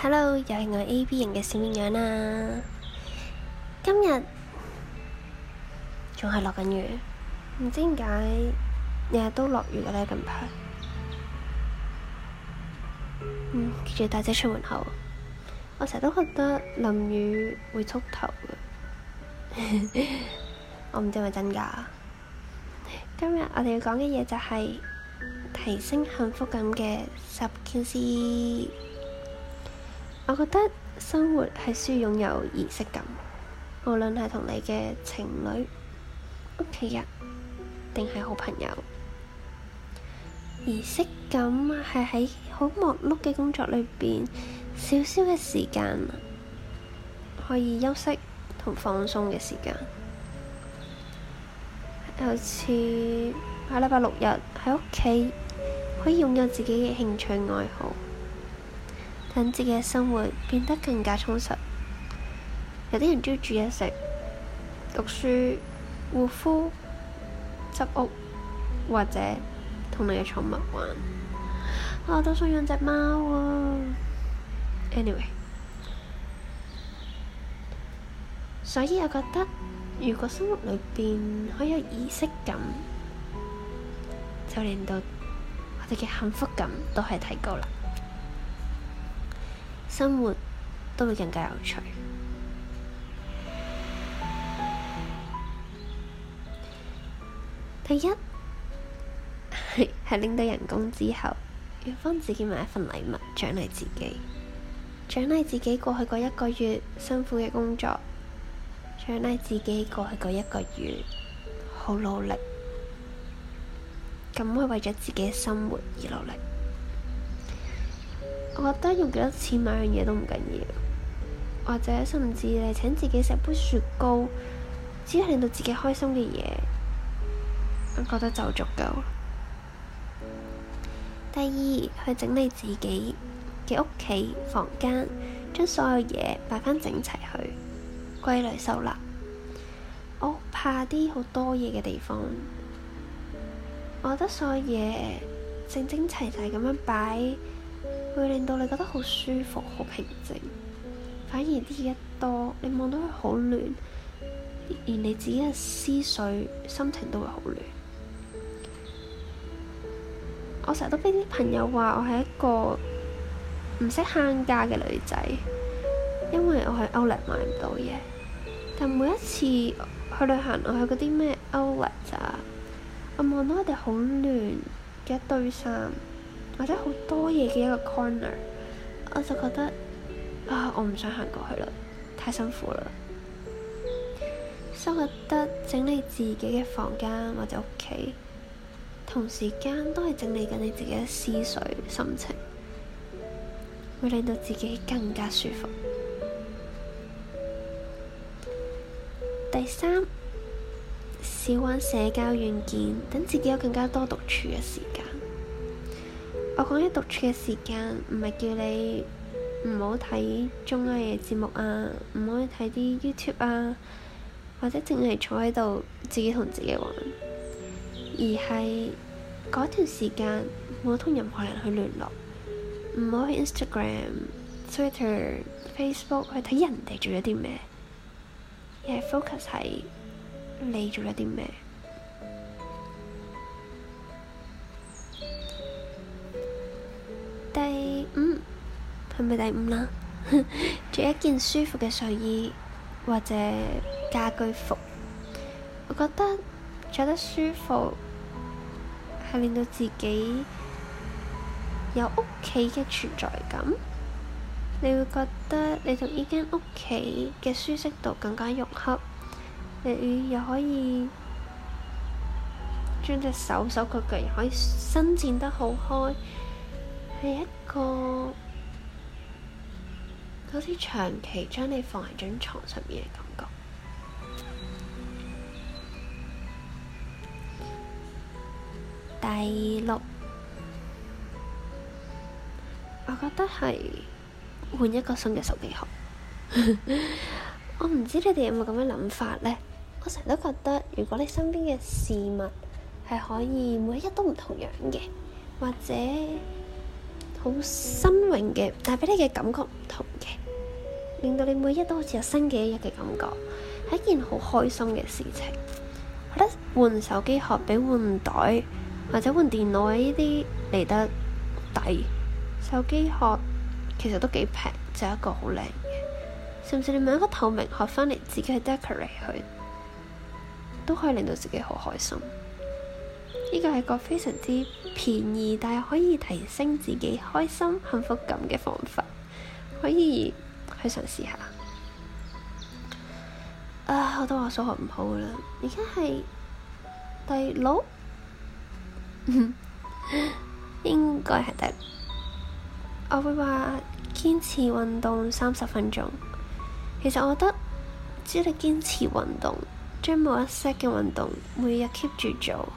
Hello，又係我 A B 型嘅小綿羊啊。今日仲係落緊雨，唔知點解日日都落雨嘅呢？近排，嗯，記住帶遮出門口。我成日都覺得淋雨會禿頭嘅， 我唔知係咪真噶。今日我哋要講嘅嘢就係、是。提升幸福感嘅十件事，我覺得生活係需要擁有儀式感，無論係同你嘅情侶、屋企人，定係好朋友。儀式感係喺好忙碌嘅工作裏邊，少少嘅時間可以休息同放鬆嘅時間，好似下禮拜六日喺屋企。可以擁有自己嘅興趣愛好，等自己嘅生活變得更加充實。有啲人鍾意煮嘢食、讀書、護膚、執屋，或者同你嘅寵物玩，啊。我都想養隻貓啊！anyway，所以我覺得，如果生活裏邊可以有儀式感，就令到～我哋嘅幸福感都係提高啦，生活都會更加有趣。第一係拎 到人工之後，要幫自己買一份禮物，獎勵自己，獎勵自己過去嗰一個月辛苦嘅工作，獎勵自己過去嗰一個月好努力。咁係為咗自己嘅生活而努力。我覺得用幾多錢買樣嘢都唔緊要，或者甚至你請自己食杯雪糕，只要令到自己開心嘅嘢，我覺得就足夠。第二，去整理自己嘅屋企、房間，將所有嘢擺返整齊去，歸類收納。我怕啲好多嘢嘅地方。我覺得所有嘢整整齊齊咁樣擺，會令到你覺得好舒服、好平靜。反而啲嘢一多，你望到佢好亂，連你自己嘅思緒、心情都會好亂。我成日都俾啲朋友話我係一個唔識慳家嘅女仔，因為我喺 Outlet 買唔到嘢。但每一次去旅行，我喺嗰啲咩 Outlet 咋？我望到我哋好亂嘅一堆衫，或者好多嘢嘅一個 corner，我就覺得啊，我唔想行過去啦，太辛苦啦。所以我覺得整理自己嘅房間或者屋企，同時間都係整理緊你自己嘅思緒、心情，會令到自己更加舒服。第三。少玩社交軟件，等自己有更加多獨處嘅時間。我講緊獨處嘅時間，唔係叫你唔好睇綜藝嘅節目啊，唔好去睇啲 YouTube 啊，或者淨係坐喺度自己同自己玩，而係嗰段時間唔好同任何人去聯絡，唔好去 Instagram、Twitter、Facebook 去睇人哋做咗啲咩，而係 focus 喺。你做咗啲咩？第五，係咪第五啦？着 一件舒服嘅睡衣或者家居服，我覺得着得舒服係令到自己有屋企嘅存在感。你會覺得你同呢間屋企嘅舒適度更加融合。你又可以將隻手手腳腳又可以伸展得好開，係一個好似長期將你放喺張床上面嘅感覺。第六，我覺得係換一個新嘅手機殼。 我唔知你哋有冇咁嘅諗法咧？我成日都覺得，如果你身邊嘅事物係可以每一日都唔同樣嘅，或者好新穎嘅，但係俾你嘅感覺唔同嘅，令到你每一都好似有新嘅一日嘅感覺，係一件好開心嘅事情。覺得換手機殼比換袋或者換電腦呢啲嚟得抵。手機殼其實都幾平，就係一個好靚嘅，使唔使？你買一個透明殼翻嚟自己去 decorate 去。都可以令到自己好開心，呢、這個係個非常之便宜，但係可以提升自己開心幸福感嘅方法，可以去嘗試，試下。啊、呃，我都話數學唔好啦，而家係第六， 應該係第六。我會話堅持運動三十分鐘，其實我覺得只要你堅持運動。將某一 set 嘅運動每日 keep 住做，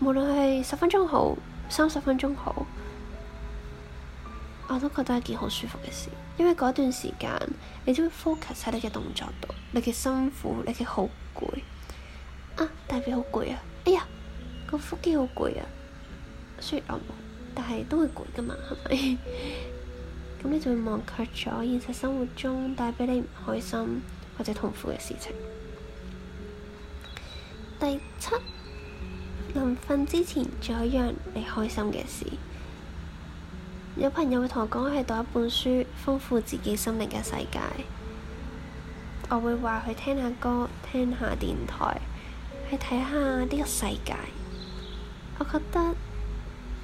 無論係十分鐘好，三十分鐘好，我都覺得係件好舒服嘅事。因為嗰段時間，你都會 focus 喺你嘅動作度，你嘅辛苦，你嘅好攰啊，大髀好攰啊，哎呀，個腹肌好攰啊，雖然我但係都會攰噶嘛，係咪？咁 你就會忘卻咗現實生活中帶俾你唔開心或者痛苦嘅事情。第七，臨瞓之前做一樣你開心嘅事。有朋友會同我講係讀一本書，豐富自己心靈嘅世界。我會話佢聽下歌，聽下電台，去睇下呢個世界。我覺得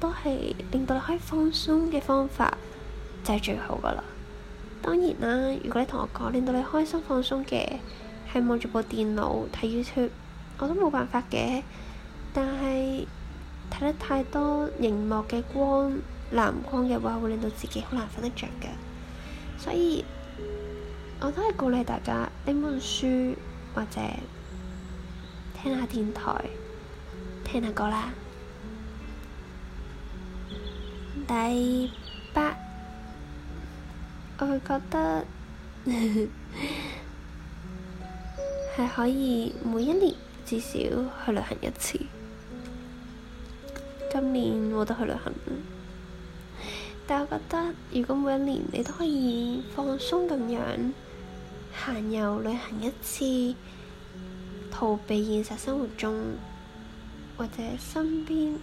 都係令到你可以放鬆嘅方法，就係、是、最好噶啦。當然啦，如果你同我講令到你開心放鬆嘅係望住部電腦睇 YouTube。我都冇辦法嘅，但係睇得太多熒幕嘅光，藍光嘅話，會令到自己好難瞓得着嘅。所以我都係鼓勵大家拎本書或者聽下電台。聽下歌啦。第八，我會覺得係 可以每一年。至少去旅行一次。今年我都去旅行，但我覺得如果每一年你都可以放鬆咁樣，行遊旅行一次，逃避現實生活中或者身邊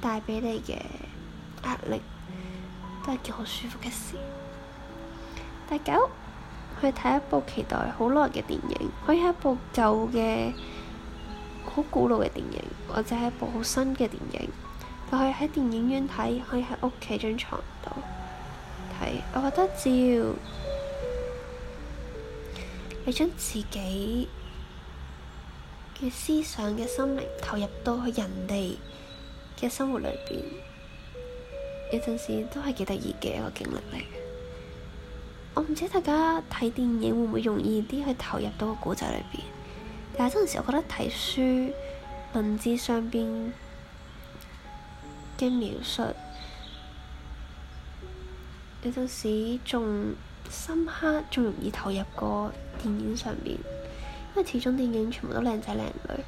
帶畀你嘅壓力，都係件好舒服嘅事。第九，去睇一部期待好耐嘅電影，可以係一部舊嘅。好古老嘅電影，或者係一部好新嘅電影，就可以喺電影院睇，可以喺屋企張床度睇。我覺得只要你將自己嘅思想嘅心靈投入到去人哋嘅生活裏邊，有陣時都係幾得意嘅一個經歷嚟嘅。我唔知大家睇電影會唔會容易啲去投入到個故仔裏邊？但係嗰陣時，我覺得睇書文字上邊嘅描述有陣時仲深刻，仲容易投入過電影上邊。因為始終電影全部都靚仔靚女，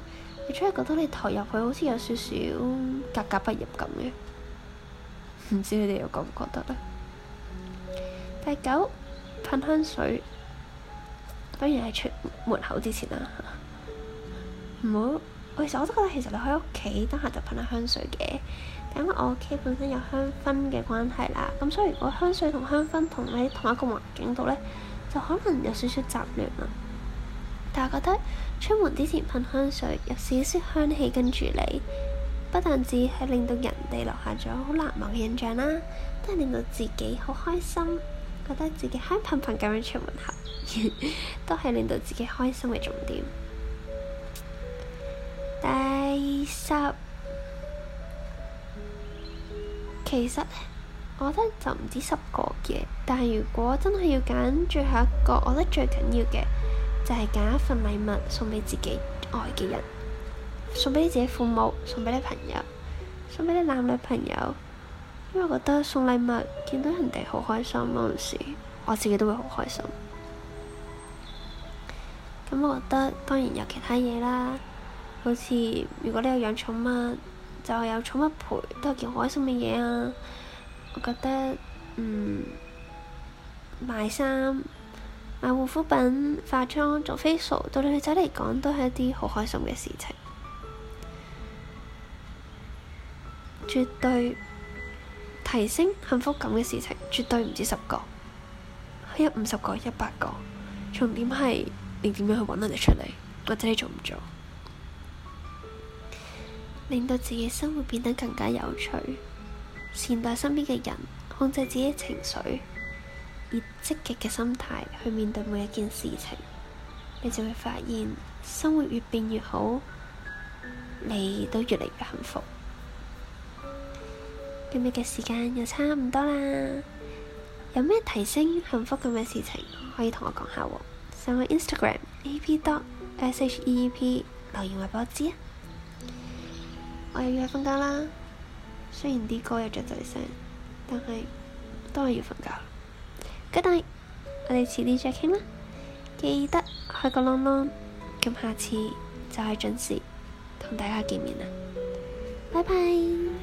你真係覺得你投入去好似有少少格格不入咁嘅。唔知你哋又覺唔覺得咧？第九噴香水，當然係出門口之前啦。唔好，我其實我都覺得其實你喺屋企得閒就噴下香水嘅，因為我屋企本身有香薰嘅關係啦，咁所以如果香水同香薰同喺同一個環境度咧，就可能有少少雜亂啦。但我覺得出門之前噴香水，有少少香氣跟住你，不但止係令到人哋留下咗好難忘嘅印象啦，都係令到自己好開心，覺得自己香噴噴咁樣出門口， 都係令到自己開心嘅重點。第十，其實我覺得就唔止十個嘅。但係如果真係要揀最後一個，我覺得最緊要嘅就係揀一份禮物送畀自己愛嘅人，送畀你自己父母，送畀啲朋友，送畀啲男女朋友。因為我覺得送禮物見到人哋好開心嗰陣時，我自己都會好開心。咁我覺得當然有其他嘢啦。好似如果你有養寵物，就有寵物陪都係件好開心嘅嘢啊！我覺得，嗯，買衫、買護膚品、化妝、做 facial，對女仔嚟講都係一啲好開心嘅事情，絕對提升幸福感嘅事情，絕對唔止十個，係有五十個、一百個。重點係你點樣去揾到人哋出嚟，或者你做唔做？令到自己生活變得更加有趣，善待身邊嘅人，控制自己情緒，以積極嘅心態去面對每一件事情，你就會發現生活越變越好，你都越嚟越幸福。今日嘅時間又差唔多啦，有咩提升幸福感嘅事情可以同我講下喎？上我 Instagram ap.sheep 留言話畀我知啊！我又要去瞓覺啦，雖然啲歌有雀仔聲，但係都係要瞓覺。Good night，我哋遲啲再傾啦，記得開個浪浪，咁下次就係準時同大家見面啦，拜拜。